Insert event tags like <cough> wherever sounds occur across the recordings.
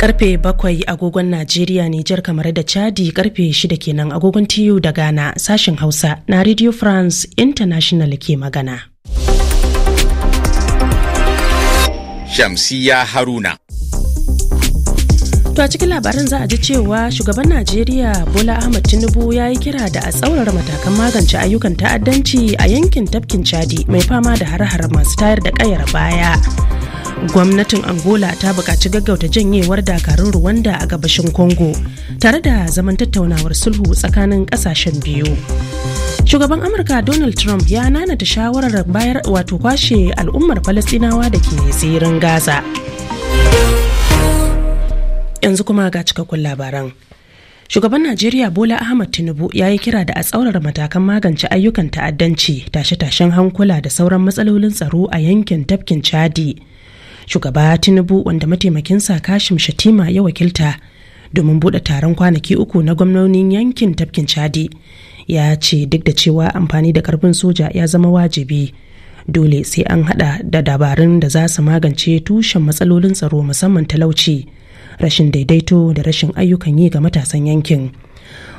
karfe bakwai agogon najeriya nijar kamar da chadi karfe shida kenan agogon tiyu da ghana sashen hausa na radio france international ke magana shamsiya haruna To a cikin labarin za a ji cewa shugaban Najeriya Bola Ahmad Tinubu ya yi kira da a tsaurara matakan magance ayyukan ta'addanci a yankin tafkin Chadi mai fama da har hare masu tayar da kayar baya. gwamnatin angola ta bukaci gaggauta janyewar dakarun rwanda a gabashin congo tare da zaman tattaunawar sulhu tsakanin ƙasashen biyu shugaban amurka donald trump ya nanata shawarar bayar wato kwashe al'ummar falastinawa da ke tsirin gaza yanzu kuma ga cikakkun labaran shugaban najeriya bola ahmad tinubu ya yi kira da a tsaurara matakan magance ayyukan ta'addanci tashe-tashen hankula da sauran matsalolin tsaro a yankin tafkin chadi shugaba tinubu wanda mataimakin sa kashim shatima ya wakilta domin buɗe taron kwanaki uku na gwamnonin yankin tafkin chadi ya ce duk da cewa amfani da karfin soja ya zama wajibi dole sai an hada da dabarun da za su magance tushen matsalolin tsaro musamman talauci rashin daidaito da rashin ayyukan yi ga matasan yankin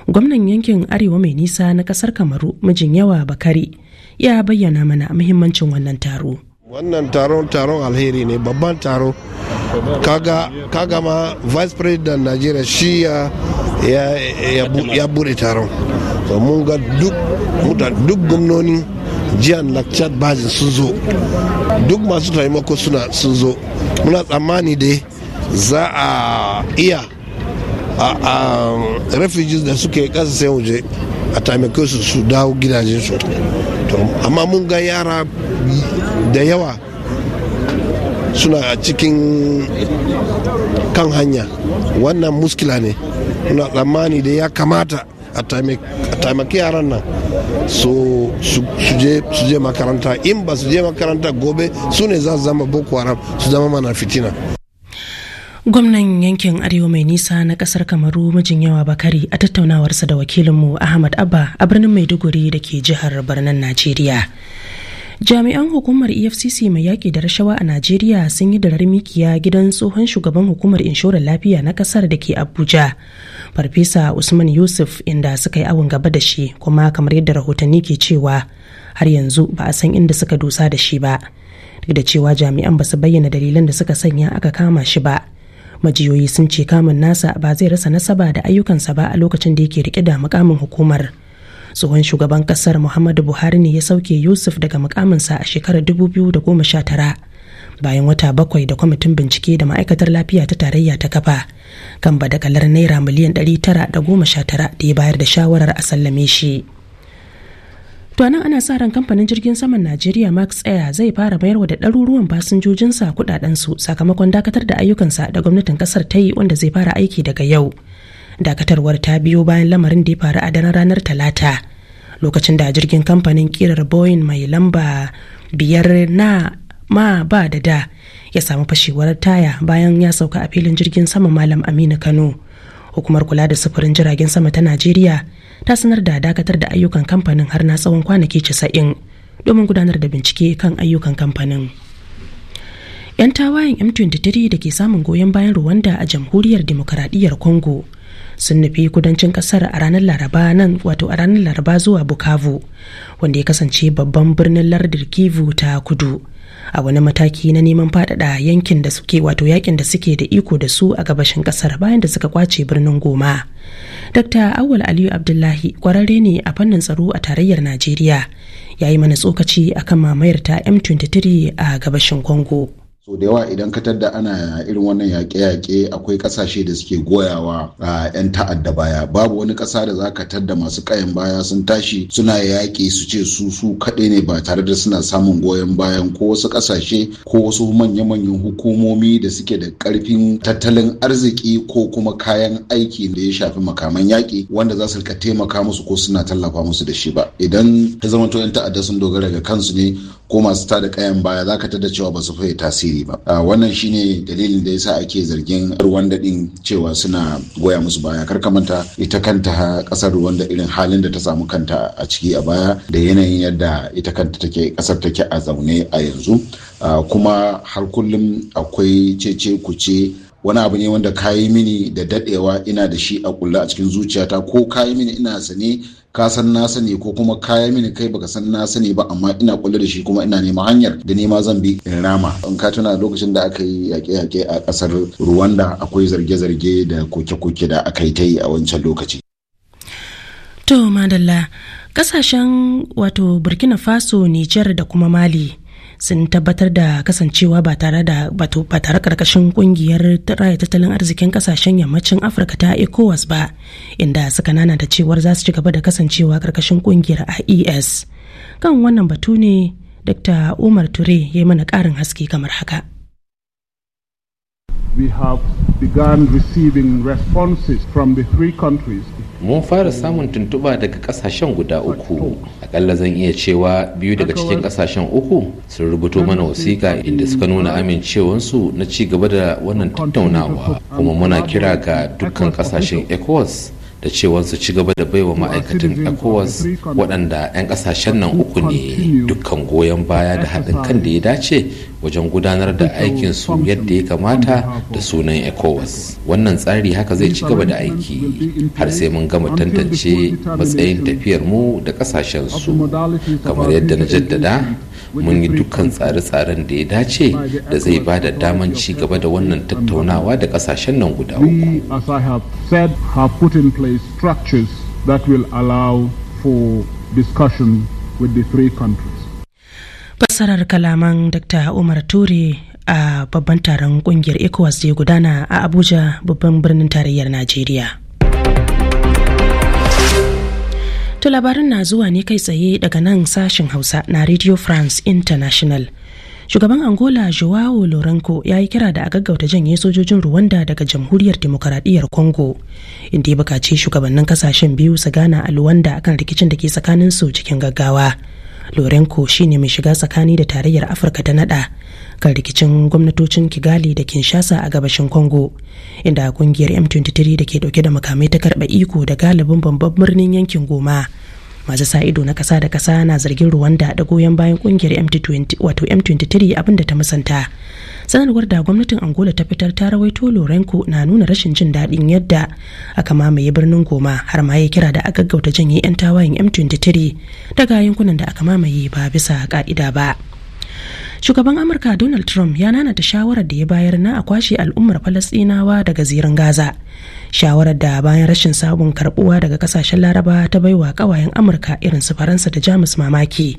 gwamnan yankin arewa mai nisa na kasar kamaru mijin yawa bakari ya bayyana mana muhimmancin wannan taro wannan taron taron alheri ne babban taro kaga, kaga ma vice president najeriya shi ya, ya, bude taron mun ga duk duk gwamnoni jihar lakchad bajin sun zo duk masu taimako suna sun zo muna tsammani dai za a iya a, a refugees da suke kasa sai waje a taimake su su dawo su. amma mun ga yara da yawa suna cikin kan hanya wannan muskila ne muna tsammani da ya kamata a taimaki yaran nan so su je makaranta in ba su je makaranta gobe su ne za zama boko haram su zama mana fitina gwamnan yankin arewa mai nisa na kasar kamaru mijin yawa bakari a tattaunawarsa da wakilinmu ahmad abba a birnin maiduguri da ke jihar birnin najeriya jami'an hukumar efcc mai yaƙi da rashawa a najeriya sun yi darar mikiya gidan tsohon shugaban hukumar inshorar lafiya na ƙasar da ke abuja farfesa usman yusuf inda suka yi awon gaba da shi kuma kamar yadda rahotanni ke cewa har yanzu ba a san inda suka dusa da shi ba duk da cewa jami'an ba su bayyana dalilan da suka sanya aka kama shi ba majiyoyi sun ce kamun nasa ba zai rasa nasaba da ayyukansa ba a lokacin da yake rike da mukamin hukumar tsohon shugaban kasar muhammadu buhari ne ya sauke yusuf daga mukaminsa a shekarar dubu biyu da goma sha tara bayan wata bakwai da kwamitin bincike da ma'aikatar lafiya ta tarayya ta kafa kan badakalar naira miliyan ɗari tara da sha tara da ya bayar da shawarar a sallame shi To ana sa ran kamfanin jirgin saman Najeriya Max Air zai fara bayarwa da ɗaruruwan fasinjojinsa kuɗaɗensu sakamakon dakatar da ayyukansa da gwamnatin kasar ta yi wanda zai fara aiki daga yau. dakatarwar ta biyo bayan lamarin da ya faru a daren ranar talata lokacin da jirgin kamfanin kirar boeing mai lamba biyar na ma ba da da ya samu fashewar taya bayan ya sauka a filin jirgin sama malam aminu kano hukumar kula da sufurin jiragen sama ta najeriya ta sanar da dakatar da ayyukan kamfanin har na tsawon kwanaki casa'in domin gudanar da bincike kan ayyukan kamfanin 'yan tawayen m23 da ke samun goyon bayan rwanda a jamhuriyar demokradiyyar congo sun nufi kudancin kasar a ranar laraba nan wato a ranar laraba zuwa bukavu wanda ya kasance babban birnin lardar kivu ta kudu a wani mataki na neman faɗaɗa yankin da suke wato yakin da suke da iko da su a gabashin ƙasar bayan da suka kwace birnin goma dr awal aliyu abdullahi kwararre ne a fannin tsaro a tarayyar najeriya ya yi mana tsokaci akan mamayar ta m23 a gabashin congo so da yawa idan ka tadda ana irin wannan yaƙe-yaƙe akwai ƙasashe da suke goyawa a 'yan ta'adda baya babu wani ƙasa da za ka tadda masu ƙayan baya sun tashi suna yaƙi su ce su su kaɗai ne ba tare da suna samun goyon bayan ko wasu ƙasashe ko wasu manya-manyan hukumomi da suke da ƙarfin tattalin arziki ko kuma kayan aiki da ya shafi makaman yaƙi wanda za su rika taimaka musu ko suna tallafa musu da shi ba idan ta zama to 'yan ta'adda sun dogara ga kansu ne ko masu tada kayan baya za ka tada cewa ba su fahimta tasiri ba ah, wannan shine dalilin da yasa ake zargin Rwanda din cewa suna goya musu baya kar ka manta ita kanta kasar Rwanda irin halin da ta samu kanta a ciki a baya da yanayin yadda ita kanta take kasar take a zaune a yanzu ah, kuma har kullum akwai cece kuce wani abu ne wanda kayi mini da dadewa ina da shi a kulla a cikin zuciyata ko kayi mini ina sane ka san na sani ko kuma kayi mini kai baka san na sani ba amma ina kulla da shi kuma ina nema hanyar da nema zan bi in rama in ka tuna lokacin da aka yi yaƙe-yaƙe a ƙasar ruwanda akwai zarge-zarge da koke-koke da aka yi ta yi a wancan lokaci. To madalla kasashen wato Burkina Faso, Nijar da kuma Mali sun tabbatar da kasancewa ba tare da ba tare karkashin kungiyar raya tattalin arzikin kasashen yammacin afirka ta ecowas ba inda suka nana da cewar za su ci gaba da kasancewa karkashin kungiyar aes kan wannan batu ne dr umar ture ya yi mana karin haske kamar haka We have begun receiving responses from the three countries mun fara samun tuntuɓa daga ƙasashen guda uku akalla zan iya cewa biyu daga cikin ƙasashen uku sun rubuto mana wasiƙa inda suka nuna amincewansu na ci gaba da wannan tattaunawa kuma muna kira ga dukkan ƙasashen ecowas da cewa su ci gaba da baiwa ma'aikatan ecowas waɗanda 'yan ƙasashen nan uku ne dukkan goyon baya da haɗin kan da ya dace wajen gudanar da aikin su yadda ya kamata da sunan ecowas wannan tsari haka zai ci gaba da aiki har sai mun gama tantance matsayin tafiyar mu da ƙasashen su kamar yadda na jaddada mun yi dukkan tsare-tsaren da ya dace da zai ba da daman ci gaba da wannan tattaunawa da kasashen nan guda uku. Fassarar kalaman Dr. Umar Ture a babban taron kungiyar ECOWAS da gudana a Abuja babban birnin tarayyar Najeriya. To labarin na zuwa ne kai tsaye daga nan sashen Hausa na Radio France International. Shugaban Angola Joao lorenko ya yi kira da a gaggauta janye sojojin ruwanda daga Jamhuriyar Demokaradiyyar Congo, inda ya bukaci shugabannin kasashen biyu su gana a Luwanda akan rikicin da ke tsakanin su cikin gaggawa. shi shine mai shiga tsakani da tarayyar Afirka ta nada kan rikicin gwamnatocin kigali da kinshasa a gabashin congo inda kungiyar m23 da ke dauke da makamai ta karba iko da galibin babban birnin yankin goma masu sa ido na kasa da kasa na zargin rwanda da goyon bayan kungiyar m23 abinda ta musanta sanarwar da gwamnatin angola ta fitar ta rawaito lorenko na nuna rashin jin daɗin yadda aka mamaye birnin goma har ma ya kira da aka gaggauta janye 'yan tawayen m23 daga yankunan da aka mamaye ba bisa ka'ida ba shugaban amurka donald trump ya nanata shawarar da ya bayar na a kwashe al'ummar falasɗinawa daga zirin gaza shawarar da bayan rashin sabon karbuwa daga kasashen laraba ta baiwa kawayen amurka irin su faransa da jamus mamaki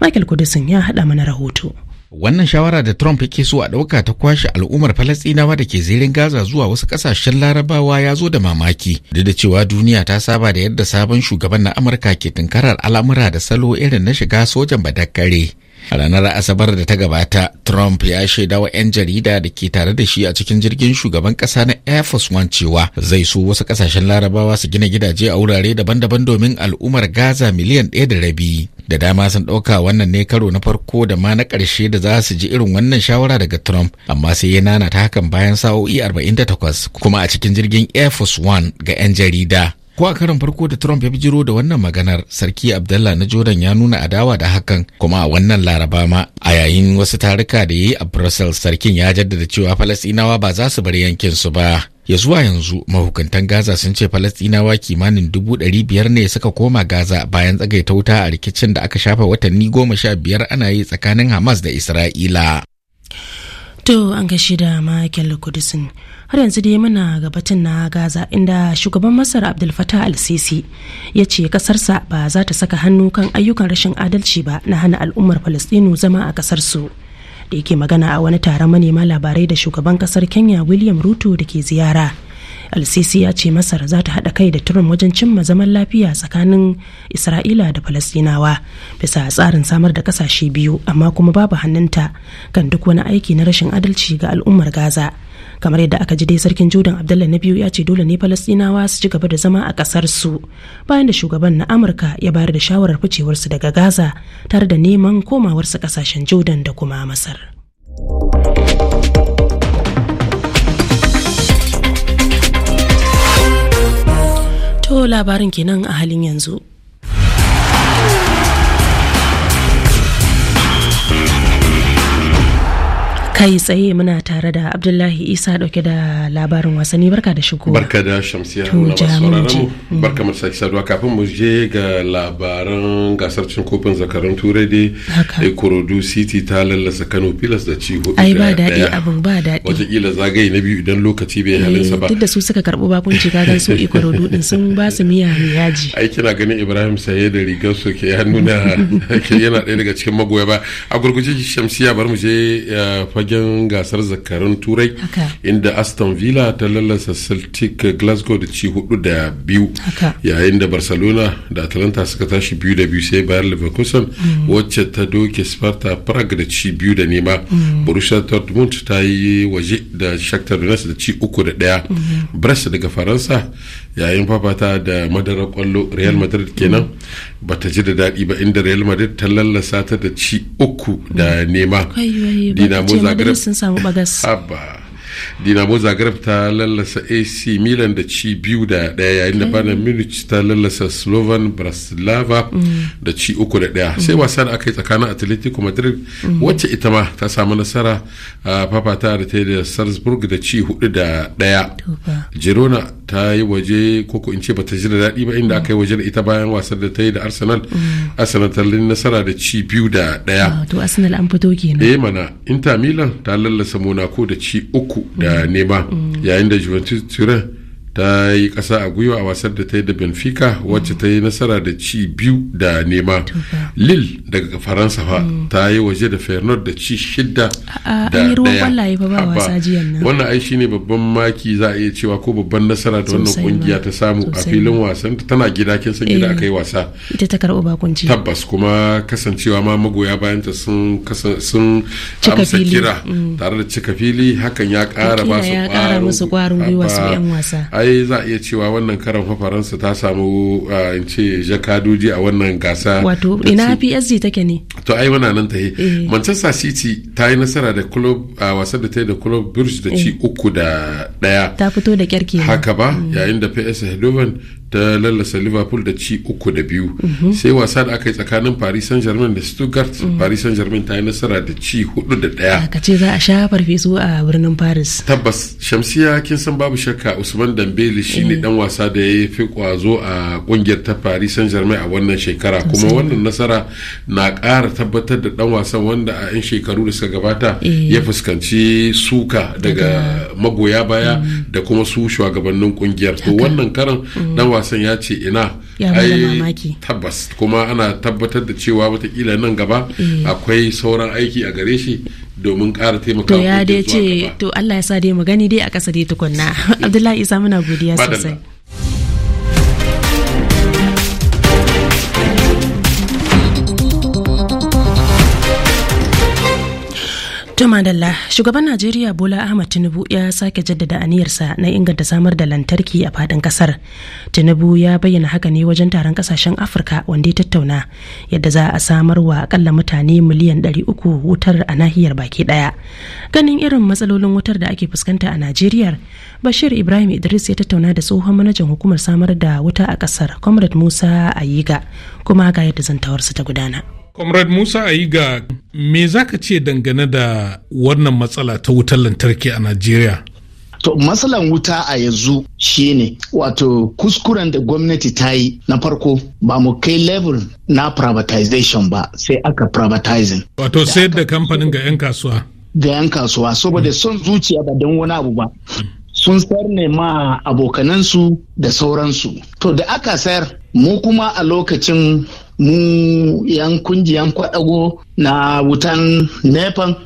michael kudisin ya hada mana rahoto wannan shawara da trump yake so a ɗauka ta kwashe al'ummar falastinawa da ke zirin gaza zuwa wasu kasashen larabawa ya zo da mamaki duk da cewa duniya ta saba da yadda sabon shugaban na amurka ke tunkarar al'amura da salo irin na shiga sojan badakare A ranar Asabar da ta gabata, Trump ya shaida wa 'yan jarida da ke tare da shi a cikin jirgin shugaban ƙasa na Air Force One cewa zai so wasu ƙasashen larabawa su gina gidaje a wurare daban-daban domin al'ummar Gaza miliyan ɗaya da rabi. Da dama sun ɗauka wannan ne karo na farko da ma na ƙarshe da za su ji irin wannan shawara daga Trump, amma sai ya nana ta hakan bayan sa'o'i 48 kuma a cikin jirgin Air Force One ga 'yan jarida. Ko a karin farko da Trump ya bijiro da wannan maganar, Sarki Abdullah na Jordan ya nuna adawa da hakan kuma a wannan laraba ma a yayin wasu taruka da ya yi a Brussels sarkin ya jaddada cewa Falasɗinawa ba za su bar su ba. ya zuwa yanzu mahukuntan gaza sun ce falasɗinawa kimanin dubu ɗari biyar ne suka koma gaza bayan tsagaita wuta a rikicin da aka shafa watanni goma sha biyar ana yi tsakanin hamas da isra'ila To an gashi da Michael kudusin har yanzu dai muna gabatin na Gaza inda shugaban Masar Abdul Fattah al-Sisi ya ce kasarsa ba za ta saka hannu kan ayyukan rashin adalci ba na hana al'ummar Falastinu zama a kasarsu. Da yake magana a wani taron manema labarai da shugaban kasar Kenya William Ruto da ke ziyara. al-sisi ya ce masar za ta haɗa kai da turin wajen cimma zaman lafiya tsakanin isra'ila da falastinawa bisa tsarin samar da ƙasashe biyu amma kuma babu hannunta kan duk wani aiki na rashin adalci ga al'ummar gaza kamar yadda aka ji dai sarkin jordan abdullah na biyu ya ce dole ne falastinawa su ci gaba da zama a ƙasar su bayan da shugaban na amurka ya bayar da shawarar ficewarsu daga gaza tare da neman komawarsu ƙasashen jordan da kuma masar labarin kenan a halin yanzu. kai tsaye muna tare da abdullahi isa dauke da labarin wasanni barka da shigo barka da shamsiya mm. barka mu sake saduwa kafin mu je ga labaran gasar cin kofin zakarun turai dai korodu city ta lallasa kano pilas da ci hudu ai ba daɗi abin ba daɗi watakila zagaye na biyu idan lokaci bai eh, halinsa ba duk da su suka karɓi bakunci ka gan su ikorodu <laughs> din sun ba su miya mai yaji ai kina ganin ibrahim saye da rigar su ke ya nuna <laughs> yana ɗaya daga cikin magoya ba a gurguje shamsiya bar mu je eh, fagen gasar zakarun turai inda aston villa ta lallasa celtic glasgow da ci hudu da biyu yayin da barcelona da atalanta suka tashi biyu da biyu sai bayan leverkusen mm. wacce ta doke sparta prague da ci biyu da nema mm. borussia dortmund ta yi waje da shakhtar donetsk da ci uku da daya mm-hmm. brest daga faransa yayin fafata da madarar kwallo real madrid kenan mm. bata ji da daɗi ba inda real madrid ta lallasa ta da ci uku da nema dinamo zagreb sun samu bagas <laughs> haba dinamo zagreb ta lallasa ac milan da ci biyu da ɗaya yayin da bana munich ta lallasa slovan braslava mm. da ci uku da ɗaya sai mm. wasa da aka yi tsakanin atletico madrid mm. wacce ita ma ta samu nasara a fafata da ta yi da salzburg da ci hudu da ɗaya girona ta yi waje ko ko in ce bata ji da daɗi ba inda aka yi waje da ita bayan wasan da ta yi da Arsenal mm. Arsenal ta nasara da ci biyu da ɗaya ah, to Arsenal an fito kenan eh mana Inter Milan ta lallasa Monaco da ci uku da mm. nema mm. yayin da Juventus Turin ta yi kasa a gwiwa a wasar da ta yi da benfica wacce ta yi nasara da ci biyu da nema lille daga faransa fa ta yi waje da fernand da ci shida da daya wannan ai shine babban maki za a iya cewa ko babban nasara da wannan kungiya ta samu a filin wasan tana gida kin san gida eh, aka yi wasa ita ta karɓo bakunci tabbas kuma kasancewa ma magoya bayan ta sun sun amsa kira mm. tare da cika fili hakan ya ƙara ba su ƙwarin gwiwa ai za a iya cewa wannan karan faransa ta samu in ce jakadoji a wannan gasa wato ina psg take ne to ai muna nan ta eh. manchester city ta yi nasara da club a wasan da ta yi da club brugge da ci eh. uku da daya ta fito da kyarki haka ba mm. yayin da ps eindhoven da lallasa liverpool da ci uku da biyu sai wasa da aka yi tsakanin paris saint germain da stuttgart paris saint germain ta yi nasara da ci hudu da daya ka ce za a sha farfesu a birnin paris tabbas shamsiya kin san babu shakka usman dambeli shine eh. dan wasa da ya fi kwazo a kungiyar ta paris saint germain a wannan shekara kuma wannan nasara na kara tabbatar da dan wasan wanda a 'yan shekaru da suka gabata eh. ya fuskanci suka daga magoya baya mm. da kuma su shugabannin kungiyar to wannan karan mm. dan wasan ya ce ina ai tabbas kuma ana tabbatar da cewa watakila nan gaba eh. akwai sauran aiki a gare shi domin ƙara taimakawa ya dai ce to Allah ya sa dai magani dai a kasa dai tukunna eh. Abdullahi Isa muna godiya sosai To shugaban Najeriya Bola Ahmad Tinubu ya sake jaddada aniyarsa na inganta samar da lantarki a fadin kasar. Tinubu ya bayyana haka ne wajen taron kasashen Afirka wanda ya tattauna yadda za a samar wa akalla mutane miliyan 300 wutar a nahiyar baki daya. Ganin irin matsalolin wutar da ake fuskanta a Najeriya, Bashir Ibrahim Idris ya tattauna da tsohon manajan hukumar samar da wuta a kasar, Comrade Musa Ayiga, kuma ga yadda zantawarsa ta gudana. Comrade Musa Ayiga, me za ka ce dangane da wannan matsala ta wutar lantarki a Najeriya? To matsalan wuta a yanzu shi ne. wato kuskuren da gwamnati ta yi na farko ba mu kai level na privatization ba sai aka privatizing. Wato sayar da kamfanin ga 'yan kasuwa. Ga 'yan kasuwa saboda mm. son zuciya ba don wani abu ba. Mm. Sun sayar ne ma abokanansu da sauransu. To da aka sayar mu kuma a lokacin mu yan kungiyan kwadago na wutan nepal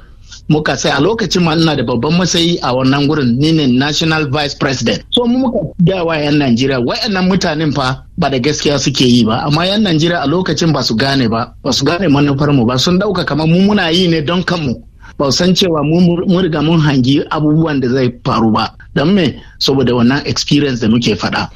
muka sai a lokacin ma ina da babban matsayi a wannan gurin ni ne national vice president so mu muka da wa yan najeriya wayannan mutanen fa ba da gaskiya suke yi ba amma yan najeriya a lokacin ba su gane ba ba su gane manufar mu ba sun dauka kamar mu muna yi ne don kanmu ba san cewa mu riga mun hangi abubuwan da zai faru ba don me saboda wannan experience da muke faɗa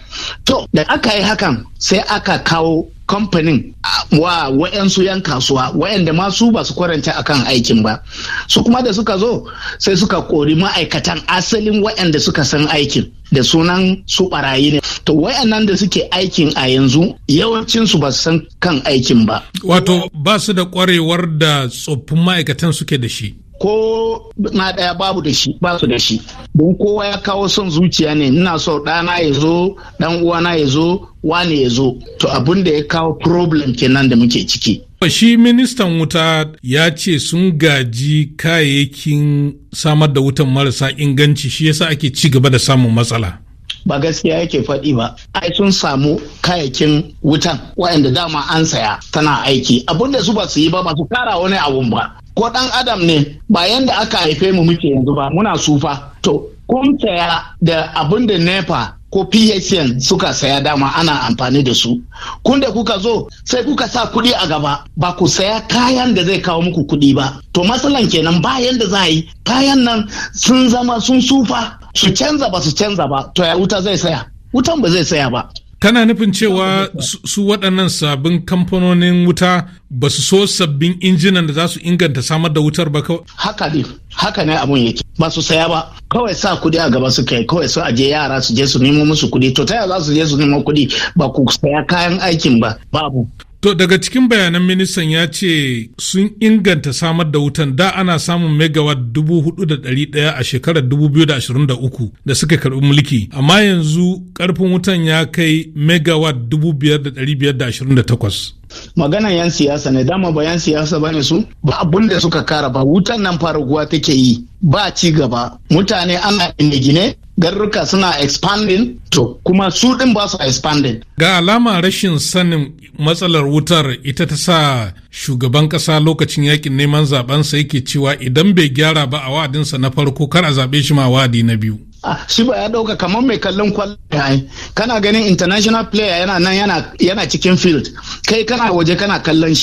to da aka yi hakan sai aka kawo kamfanin wa wa'yansu yan kasuwa wa'yanda ma su ba su kwaranta akan aikin ba su kuma da suka zo sai suka kori ma'aikatan asalin wa'yanda suka san aikin da sunan su barayi ne to wa'yannan da suke aikin a yanzu yawancinsu ba su san kan aikin ba wato ba su da kwarewar da tsoffin ma'aikatan suke da shi ko na ɗaya babu da shi ba su da shi don kowa ya kawo son zuciya ne ina so ɗana ya zo ɗan uwana ya zo wani ya zo to abin da ya kawo problem kenan da muke ciki shi ministan wuta ya ce sun gaji kayayyakin samar da wutan marasa inganci shi yasa ake ci gaba da samun matsala ba gaskiya yake faɗi ba ai sun samu kayayyakin wutan waɗanda dama an saya tana aiki abinda su ba su yi ba ba su kara wani abun ba ko ɗan adam ne ba yanda aka haife mu muke yanzu ba muna sufa to kun saya da abin da nepa ko phn suka saya dama ana amfani da su kun da kuka zo sai kuka sa kuɗi a gaba ba ku saya kayan da zai kawo muku kuɗi ba to matsalan kenan ba da za a yi kayan nan sun zama sun sufa su canza ba su canza ba to ya wuta zai saya wutan ba zai saya ba Kana nufin cewa su waɗannan sabbin kamfanonin wuta ba su so sabbin injinan da za su inganta samar da wutar ba kawai? Haka ne, haka ne abun yake. Ba su saya ba, kawai sa kuɗi a gaba suka yi, kawai su aje yara su je su nemo musu kuɗi. To ta za su je su nemo kuɗi ba ku saya kayan aikin ba, babu. To daga cikin bayanan ministan ya ce sun inganta samar da wutan da ana samun megawatt daya a shekarar dubu biyu da ashirin da da uku suka karbi mulki amma yanzu karfin wutan ya kai megawatt takwas. magana yan siyasa ne dama ba yan siyasa bane su ba abun da suka kara ba wutan nan faraguwa take yi ba ci gaba mutane ana gine-gine garruka suna expanding to kuma su din ba su expanding ga alama rashin sanin matsalar wutar ita ta sa shugaban kasa lokacin yakin neman zabensa yake cewa idan bai gyara ba a wa'adinsa na farko kar a zaɓe shi ma wadi na biyu ah, shi ba ya dauka kamar mai kallon kwallon kana ganin international player yana nan yana cikin field kai kana waje kana kallon shi